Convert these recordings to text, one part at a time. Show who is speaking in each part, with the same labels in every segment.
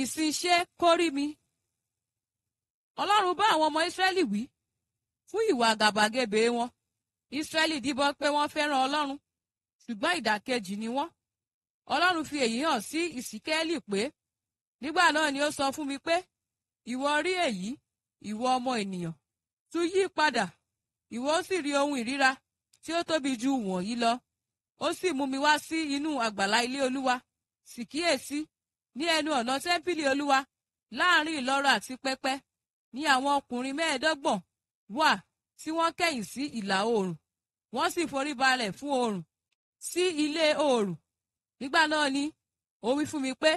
Speaker 1: ìsinṣe kórí mi. Ọlọ́run bá àwọn ọmọ Ísírẹ́lì wí fún ìwà gàbàgebè wọn. Ísírẹ́lì díbọ́n pé wọ́n fẹ́ràn Ọlọ́run ṣùgbọ́n ìdàkejì ni wọ́n. Ọlọ́run fi èyí hàn sí Ìsíkẹ́lì pé nígbà náà ni ó sọ fún mi pé ìwọ rí èyí ìwọ ọmọ ènìyàn tún yí padà ìwọ ó sì rí ohun ìríra tí ó tóbi ju wọ̀nyí lọ ó sì mú mi wá sí inú àgbàlá ilé Olúwa sì kíyèsí ní ẹnu ọ̀nà tẹ́ḿpìlì olúwa láàrin ìloro àti pẹpẹ ní àwọn ọkùnrin mẹ́ẹ̀ẹ́dọ́gbọ̀n wà tí wọ́n kẹ̀yìn sí ìlà oòrùn wọ́n sì forí balẹ̀ fún oòrùn sí ilé oòrùn nígbà náà ni ó wí fún mi pé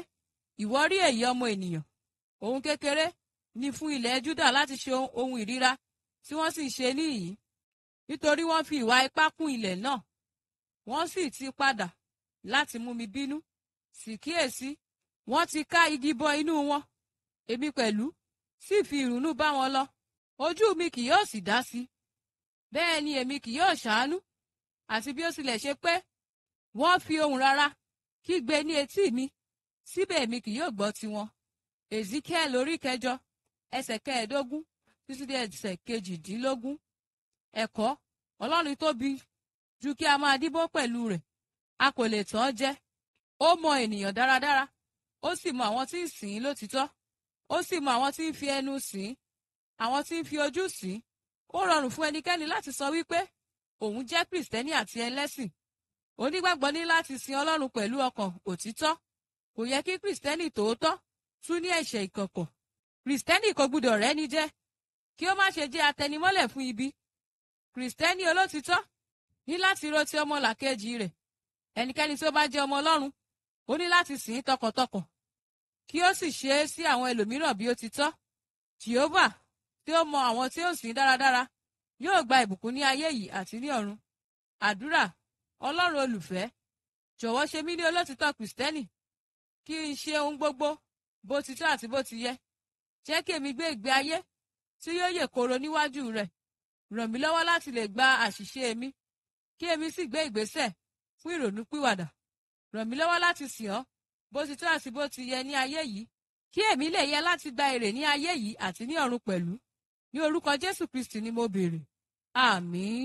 Speaker 1: ìwọ rí èyí ọmọ ènìyàn ohun kékeré ni fún ilẹ̀ Júdà láti ṣe ohun ìríra tí wọ́n sì ṣe níyìí nítorí wọ́n fi ìwà ipá kún ilẹ̀ náà wọ́n sì ti padà láti mú mi bínú sì kíyèsí wọ́n ti ká igi bọ inú wọn èmi pẹ̀lú sì fi ìrònú bá wọn lọ ojú mi kì yóò sì dá sí bẹ́ẹ̀ ni èmi kì yóò ṣàánú àti bí ó tilẹ̀ ṣe pé wọ́n fi ohùn rárá kígbe ní etí mi síbẹ̀ èmi kì yóò gbọ́ tiwọn Ezekiel orí kẹjọ ẹsẹ̀ kẹẹ̀ẹ́dógún títí dé ẹsẹ̀ kejìdínlógún ẹ̀kọ́ Ọlọ́run tóbi ju kí a máa díbó pẹ̀lú rẹ̀ a kò lè tàn án jẹ ó mọ ènìyàn dáradára ó sì mọ àwọn tí ń sìn ín lótìtọ́ ó sì mọ àwọn tí ń fi ẹnu sìn ín àwọn tí ń fi ojú sìn ín ó rọrùn fún ẹnikẹ́ni láti sọ wípé òun jẹ́ kìrìsìtẹ́nì àti ẹlẹ́sìn onígbàgbọ́ ní láti sin ọlọ́run pẹ̀lú ọkàn òtítọ́ kò yẹ kí kìrìsìtẹ́nì tòótọ́ tún ní ẹ̀ṣẹ̀ ìkọ̀kọ̀ kìrìsìtẹ́nì kò gbúdọ̀ rẹ́ni jẹ kí ó má ṣe jẹ́ atẹnimọ́lẹ̀ fún ibi kìrìsìtẹ́nì olótìtọ́ ní láti ro ti ọmọlàkejì rẹ̀ ẹnikẹ́ni tí ó bá jẹ́ ọmọ ọlọ́run ó ní láti sìn ín tọkàntọkàn kí ó sì ṣe é sí àwọn ẹlòmíràn bí ó ti tọ́ jehova tí ó mọ àwọn tí ó sìn dáradára yóò gba ìbùkún ní ayé yìí àti ní ọ̀run àdúrà ọlọ́run olùfẹ́ jọ̀wọ́ ṣe mí ní olótìtọ́ kìrìsìtẹ́nì kí n ṣe ohun gbogbo bó ti tọ́ àti bó ti yẹ jẹ́ kí èmi gbé ìgbé ayé tí yóò yè koro níwájú rẹ̀ ràn mí lọ́wọ́ láti lè gba àṣìṣe mi kí èmi sì gbé ìgbésẹ̀ fún ìrònú ràn mí lọ́wọ́ láti sìn ọ́ bó ti tọ́ àti bó ti yẹ ní ayé yìí kí èmi lè yẹ láti gba èrè ní ayé yìí àti ní ọ̀run pẹ̀lú ní orúkọ Jésù Kristi ni mo béèrè àmín.